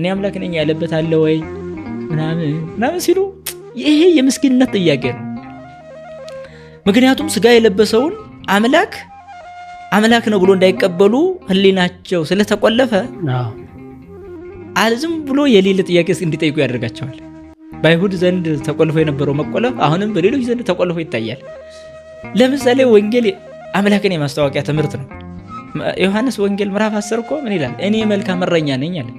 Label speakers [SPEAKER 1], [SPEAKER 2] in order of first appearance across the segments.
[SPEAKER 1] እኔ አምላክ ነኝ ያለበት አለ ወይ ምናምን ምናምን ሲሉ ይሄ የምስኪንነት ጥያቄ ነው። ምክንያቱም ስጋ የለበሰውን አምላክ አምላክ ነው ብሎ እንዳይቀበሉ ህሊናቸው ስለተቆለፈ አልዝም ብሎ የሌለ ጥያቄ እንዲጠይቁ ያደርጋቸዋል። በአይሁድ ዘንድ ተቆልፎ የነበረው መቆለፍ አሁንም በሌሎች ዘንድ ተቆልፎ ይታያል። ለምሳሌ ወንጌል አምላክን የማስታወቂያ ትምህርት ነው። ዮሐንስ ወንጌል ምዕራፍ 10 እኮ ምን ይላል? እኔ መልካም እረኛ ነኝ አለ።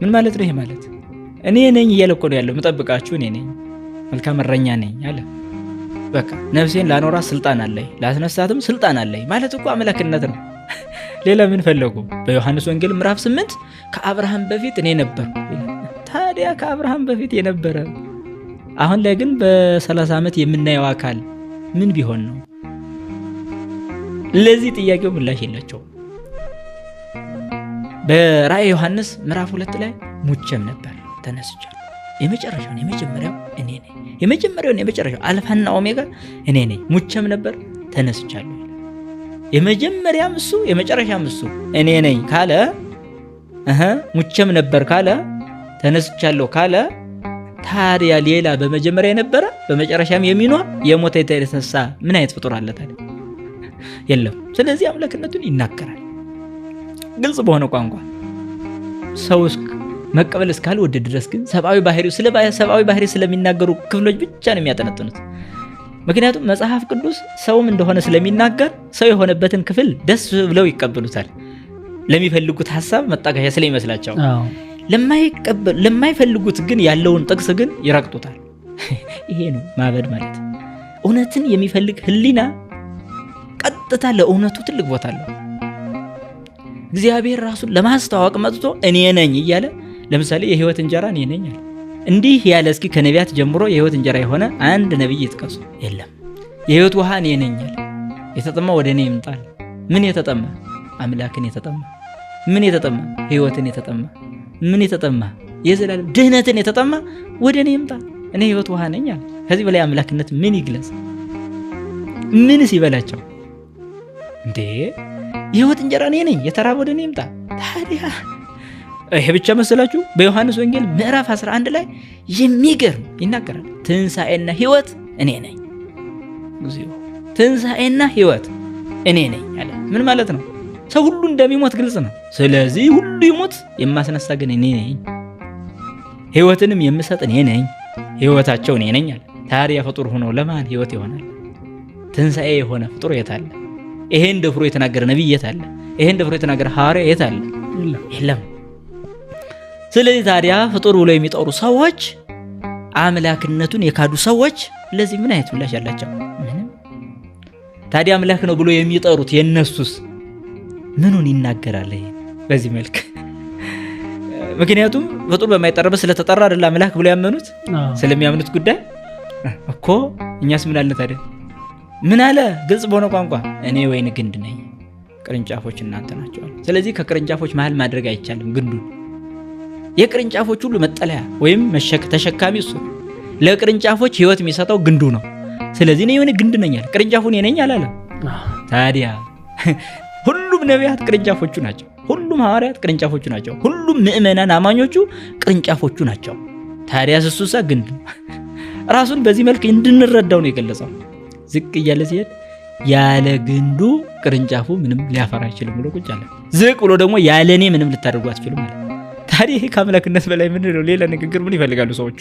[SPEAKER 1] ምን ማለት ነው? ይሄ ማለት እኔ ነኝ እያለ ነው ያለው። የምጠብቃችሁ እኔ ነኝ፣ መልካም እረኛ ነኝ አለ። በቃ ነፍሴን ላኖራ ስልጣን አለኝ፣ ላስነሳትም ስልጣን አለኝ ማለት እኮ አምላክነት ነው። ሌላ ምን ፈለጉ? በዮሐንስ ወንጌል ምዕራፍ ስምንት ከአብርሃም በፊት እኔ ነበር። ታዲያ ከአብርሃም በፊት የነበረ አሁን ላይ ግን በ30 ዓመት የምናየው አካል ምን ቢሆን ነው? ለዚህ ጥያቄው ምላሽ የላቸውም። በራእይ ዮሐንስ ምዕራፍ ሁለት ላይ ሙቼም ነበር ተነስቻለሁ። የመጨረሻውን የመጀመሪያው እኔ ነኝ። የመጀመሪያውን የመጨረሻው አልፋና ኦሜጋ እኔ ነኝ። ሙቼም ነበር ተነስቻለሁ። የመጀመሪያም እሱ የመጨረሻም እሱ እኔ ነኝ ካለ ሙቼም ነበር ካለ ተነስቻለሁ ካለ ታዲያ ሌላ በመጀመሪያ የነበረ በመጨረሻም የሚኖር የሞተ የተነሳ ምን አይነት ፍጡር አለ ታዲያ? የለም። ስለዚህ አምላክነቱን ይናገራል። ግልጽ በሆነ ቋንቋ ሰው መቀበል እስካልወደደ ድረስ ግን ሰብአዊ ባህሪ ስለ ሰብአዊ ባህሪ ስለሚናገሩ ክፍሎች ብቻ ነው የሚያጠነጥኑት። ምክንያቱም መጽሐፍ ቅዱስ ሰውም እንደሆነ ስለሚናገር ሰው የሆነበትን ክፍል ደስ ብለው ይቀበሉታል። ለሚፈልጉት ሀሳብ መጣቀሻ ስለሚመስላቸው፣ ለማይፈልጉት ግን ያለውን ጥቅስ ግን ይረግጡታል። ይሄ ነው ማበድ ማለት። እውነትን የሚፈልግ ህሊና ቀጥታ ለእውነቱ ትልቅ ቦታ አለው። እግዚአብሔር ራሱን ለማስተዋወቅ መጥቶ እኔ ነኝ እያለ ለምሳሌ የህይወት እንጀራ እኔ ነኝ አለ። እንዲህ ያለ እስኪ ከነቢያት ጀምሮ የህይወት እንጀራ የሆነ አንድ ነቢይ ይጥቀሱ? የለም። የህይወት ውሃ እኔ ነኝ አለ። የተጠማ ወደ እኔ ይምጣል። ምን የተጠማ? አምላክን የተጠማ። ምን የተጠማ? ህይወትን የተጠማ። ምን የተጠማ? የዘላለም ድህነትን የተጠማ ወደ እኔ ይምጣል። እኔ ህይወት ውሃ ነኝ አለ። ከዚህ በላይ አምላክነት ምን ይግለጽ? ምንስ ይበላቸው እንዴ? የህይወት እንጀራ እኔ ነኝ፣ የተራበ ወደ እኔ ይምጣ። ታዲያ ይሄ ብቻ መሰላችሁ? በዮሐንስ ወንጌል ምዕራፍ 11 ላይ የሚገርም ይናገራል። ትንሣኤና ህይወት እኔ ነኝ፣ ትንሣኤና ህይወት እኔ ነኝ አለ። ምን ማለት ነው? ሰው ሁሉ እንደሚሞት ግልጽ ነው። ስለዚህ ሁሉ ይሞት፣ የማስነሳ ግን እኔ ነኝ፣ ህይወትንም የምሰጥ እኔ ነኝ፣ ህይወታቸው እኔ ነኝ አለ። ታዲያ ፍጡር ሆኖ ለማን ህይወት ይሆናል? ትንሣኤ የሆነ ፍጡር የት አለ? ይሄን ደፍሮ የተናገረ ነቢይ የት አለ? ይሄን ደፍሮ የተናገረ ሐዋርያ የት አለ? የለም። ስለዚህ ታዲያ ፍጡር ብሎ የሚጠሩ ሰዎች አምላክነቱን የካዱ ሰዎች ለዚህ ምን አይነት ምላሽ አላቸው? ታዲያ አምላክ ነው ብሎ የሚጠሩት የነሱስ ምኑን ይናገራል? በዚህ መልክ ምክንያቱም ፍጡር በማይጠራበት ስለተጠራ አይደለ አምላክ ብሎ ያመኑት ስለሚያምኑት ጉዳይ እኮ እኛስ ምን አለ ታዲያ ምን አለ? ግልጽ በሆነ ቋንቋ እኔ ወይን ግንድ ነኝ፣ ቅርንጫፎች እናንተ ናቸዋል። ስለዚህ ከቅርንጫፎች መሀል ማድረግ አይቻልም ግንዱን። የቅርንጫፎች ሁሉ መጠለያ ወይም ተሸካሚ እሱ ለቅርንጫፎች ህይወት የሚሰጠው ግንዱ ነው። ስለዚህ እኔ የሆነ ግንድ ነኛል ቅርንጫፉን የነኝ አላለ። ታዲያ ሁሉም ነቢያት ቅርንጫፎቹ ናቸው። ሁሉም ሐዋርያት ቅርንጫፎቹ ናቸው። ሁሉም ምእመናን አማኞቹ ቅርንጫፎቹ ናቸው። ታዲያ ስሱሳ ግንድ ራሱን በዚህ መልክ እንድንረዳው ነው የገለጸው። ዝቅ እያለ ሲሄድ ያለ ግንዱ ቅርንጫፉ ምንም ሊያፈራ አይችልም ብሎ ቁጭ አለ። ዝቅ ብሎ ደግሞ ያለ እኔ ምንም ልታደርጉ አትችሉም አለ። ታዲያ ይሄ ከአምላክነት በላይ ምንድን ነው? ሌላ ንግግር ምን ይፈልጋሉ ሰዎቹ?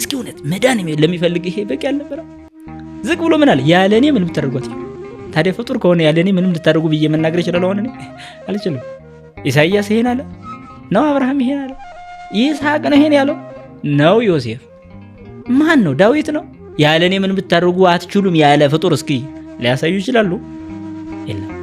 [SPEAKER 1] እስኪ እውነት መዳን ለሚፈልግ ይሄ በቂ አልነበረ? ዝቅ ብሎ ምን አለ? ያለ እኔ ምንም ልታደርጉ አትችሉም። ታዲያ ፍጡር ከሆነ ያለ እኔ ምንም ልታደርጉ ብዬ መናገር ይችላል? አሁን እኔ አልችልም። ኢሳይያስ ይሄን አለ ነው? አብርሃም ይሄን አለ? ይስሐቅ ነው ይሄን ያለው ነው? ዮሴፍ ማን ነው? ዳዊት ነው? ያለ እኔ ምን ብታደርጉ አትችሉም ያለ ፍጡር እስኪ ሊያሳዩ ይችላሉ? የለም።